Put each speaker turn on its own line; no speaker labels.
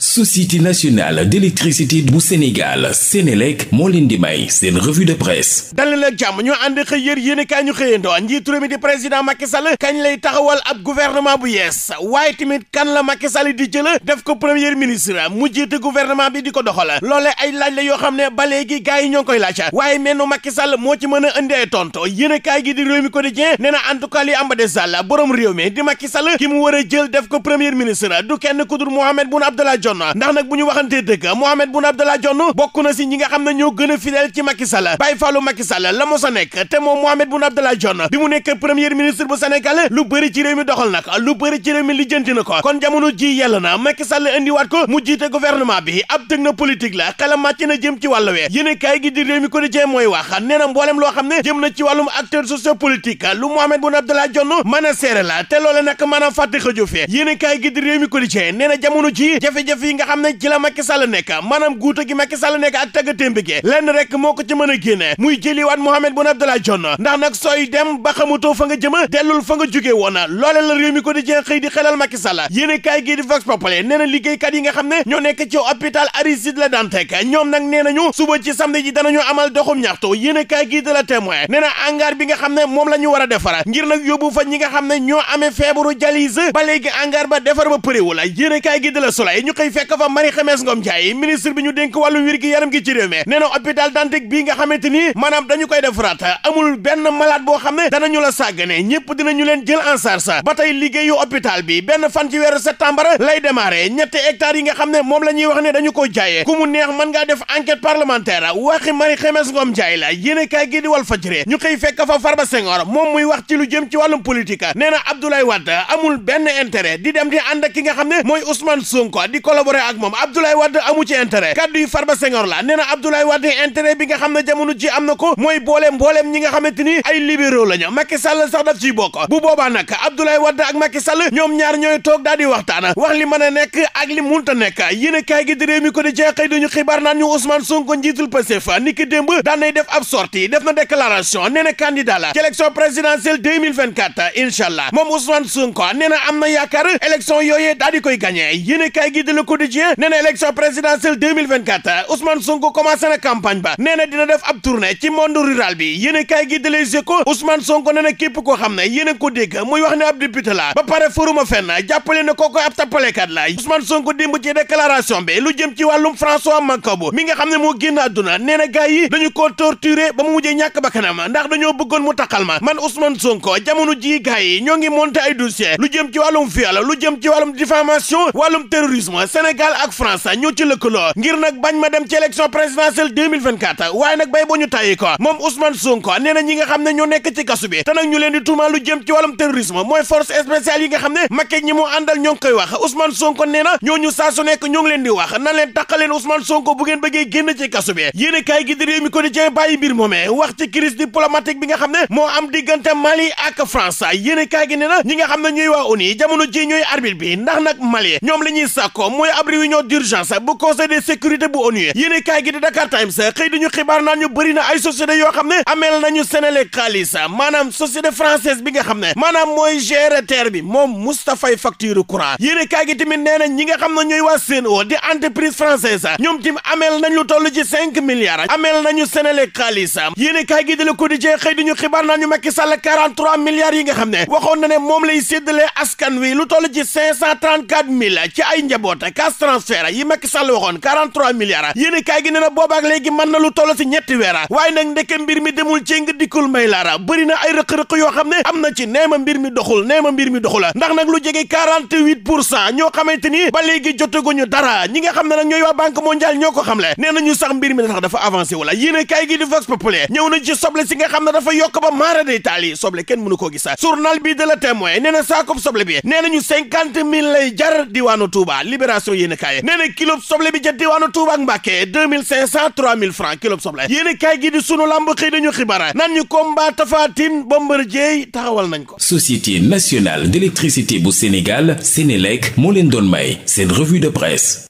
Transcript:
société nationale d'électricité bu Sénégal Sénélec moo leen di may seen revue de presse dali nag jàmm ñu ànd xëy yër yéenekaay ñu xëyandoo njiitu mi di président Macky kañ lay taxawal ab gouvernement bu yees waaye tamit kan la Macky Sall di jëla def ko premier ministre mu jiite gouvernement bi di ko doxal loolee ay laaj la yoo xam ne ba léegi yi ñoo koy laaj waaye mennu Macky moo ci mën a indi ay tonto yéenekaay gi di réew mi quotidien di Macky Sall Dionne ndax nag bu ñu waxantee dëgg Mohamed Boun Abdallah Dionne bokk si ñi xam ne ñoo gën a fidèle ci Macky Sall Baye Fallou Macky la mo nekk te moom Mohamed Boun Abdallah Dionne bi mu nekk premier ministre bu Sénégal lu bëri ci réew mi doxal nag lu bëri ci réew mi lijjanti na ko kon jamono ji yàlla na Macky Sall indiwaat ko mu jiite gouvernement bi ab tëg na politique la xelam màcc na jëm ci wàllu wee yéen kaay gi réew mi ko di mooy wax nee na jafe nga xam ne ci la Macky Sall nekk maanaam guuta gi Macky Sall nekk ak tagga témb gi lenn rek moo ko ci mën a génne muy jëliwaat Mohamed Boun Abdallah Dionne ndax nag sooy dem ba xamutoo fa nga jëma dellul fa nga jóge woona loole la réew mi ko di jeex xëy di xelal Macky la yéene kaay gii di Vox Populi nee na liggéeykat nga xam ne ñoo nekk ci hôpital Aristide Le Dantec ñoom nag nee nañu suba ci samedi ji danañu amal doxum ñaxtu yéene di la témoin nee na angaar bi nga xam ñu war a defara ngir nag yóbbu fa ne ñoo amee feebaru dialyse ba léegi la yéene kaay gii xëy fekk fa Marie Khemesse Ngom Ndiaye ministre bi ñu dénk wàllu wér gi yaram gi ci réew mi nee na hôpital Dantec bii nga xamante ni maanaam dañu koy defaraat amul benn malade boo xam ne ñu la sàggane ñëpp ñu leen jël en charge ba tey liggéeyu hôpital bi benn fan ci weer septembre lay démarré ñetti hectares yi nga xam ne moom la ñuy wax ne dañu ko jaayee ku mu neex mën ngaa def enquête parlementaire waxi Marie Khemesse Ngom Ndiaye la yéen kaay gi di Walf fa Farba moom muy wax ci lu jëm ci wàllum politique nee na Abdoulaye Wade benn intérêt di dem di ànd ki nga xam ne mooy Ousmane Sonko di ko collaborer ak moom Abdoulaye Wade amu ci intérêt kaddu yi Farba Senghor la nee na Abdoulaye Wade bi nga xam ne jamono ji am na ko mooy booleem booleem ñi nga xamante ni ay libéraux la ñu Macky Sall sax daf ciy bokk bu boobaa nag Abdoulaye Wade ak Macky Sall ñoom ñaar ñooy toog daal di wax li mën a nekk ak li munta nekk yéen a kaay gi di réew mi ko di jeex xëy dañu xibaar naan ñu Ousmane Sonko njiitul Pastef ni ki démb daan def ab sortie def le quotidien nee na élection présidentielle 2024 Ousmane Sonko commencé na campagne ba nee na dina def ab tournée ci monde rural bi yene kaay gi de Les Échos Ousmane Sonko nee na képp koo xam ne yéen ko dégg muy wax ab député la ba pare foruma fenn jàppale ne kooku ab tappalekat la Ousmane Sonko démb ci déclaration bi lu jëm ci wàllum François Mancabou mi nga xam ne moo génn àdduna nee na gars yi dañu ko torturé ba mu mujjee ñàkk bakkanam ndax dañoo bëggoon mu taxal ma man Ousmane jamono ji gars yi ñoo ngi monté ay dossier lu jëm ci wàllum viol lu jëm ci wàllum diffamation wàllum Sénégal ak France ñoo ci lëkkaloo ngir nag bañ ma dem ci élection présidentielle 2024 waaye nag bay boo ñu tàyyi ko moom Ousmane Sonko nee na ñi nga xam ne ñoo nekk ci kasu bi te ñu leen di tuumaa lu jëm ci wàllum terrorisme mooy force spéciale yi nga xam ne Macky ñi mu àndal ñoo ngi koy wax Ousmane Sonko nee na ñooñu saa su nekk ñoo ngi leen di wax nan leen taqaleen Ousmane Sonko bu ngeen bëggee génn ci kasu bi yéene kaay gi di mi quotidien bàyyi mbir moomee wax ci crise diplomatique bi nga am na ñuy waa ONU jamono ji ñooy arbitre bi ñoom la ñuy sàkko mooy ab réunion d'urgence bu conseil de sécurité bu ONU yéene kaay gi di Dakar Times xëy dañu xibaar naan ñu bëri na ay société yoo xam ne ameel nañu Senelec xaalis maanaam société française bi nga xam ne maanaam mooy gérer terre bi moom Moustapha facture courant yéene kaay gi tamit nee na ñi nga xam ne ñooy waa Sen'Eau di entreprise française ñoom tim ameel nañ lu toll ci cinq milliards ameel nañu Senelec xaalis yéene kaay gi di Le Quotidien xëy dañu xibaar naan ñu Macky Sall 43 milliards yi nga xam ne waxoon na moom lay séddale askan wi lu toll ci cinq cent trente-quatre mille ci ay njaboot ne cash transfert yi Macky Sall waxoon 43 milliards yéen kaay gi nee na boobaak léegi mën na lu toll si ñetti weer waaye nag ndeke mbir mi demul ci nga dikkul may laara bëri na ay rëq-rëq yoo xam ne am na ci nee ma mbir mi doxul nee ma mbir mi doxul ndax nag lu jege 48 pour cent ñoo xamante ni ba léegi jotaguñu dara ñi nga xam ne nag ñooy waa banque mondiale ñoo ko xamle nee na ñu sax mbir mi tax dafa avancé wala yéen kaay gi di vox populi si nga xam ne dafa yokk ba maara day taal kenn mënu koo gisa journal bi de la témoin nee na saakoob soble bi nee nañu cinquante mille lay jar diwaanu Touba libération Libération yéen a kaay nee na kilo soble bi ca diwaanu Touba ak Mbacké deux mille cinq cent trois mille francs kilo soble yéen a kaay gi di sunu lamb xëy dañu xibaar naan ñu combat Tapha Tine Bombardier taxawal nañ ko. Société nationale d'électricité bu Sénégal Sénélec moo leen doon may seen revue de presse.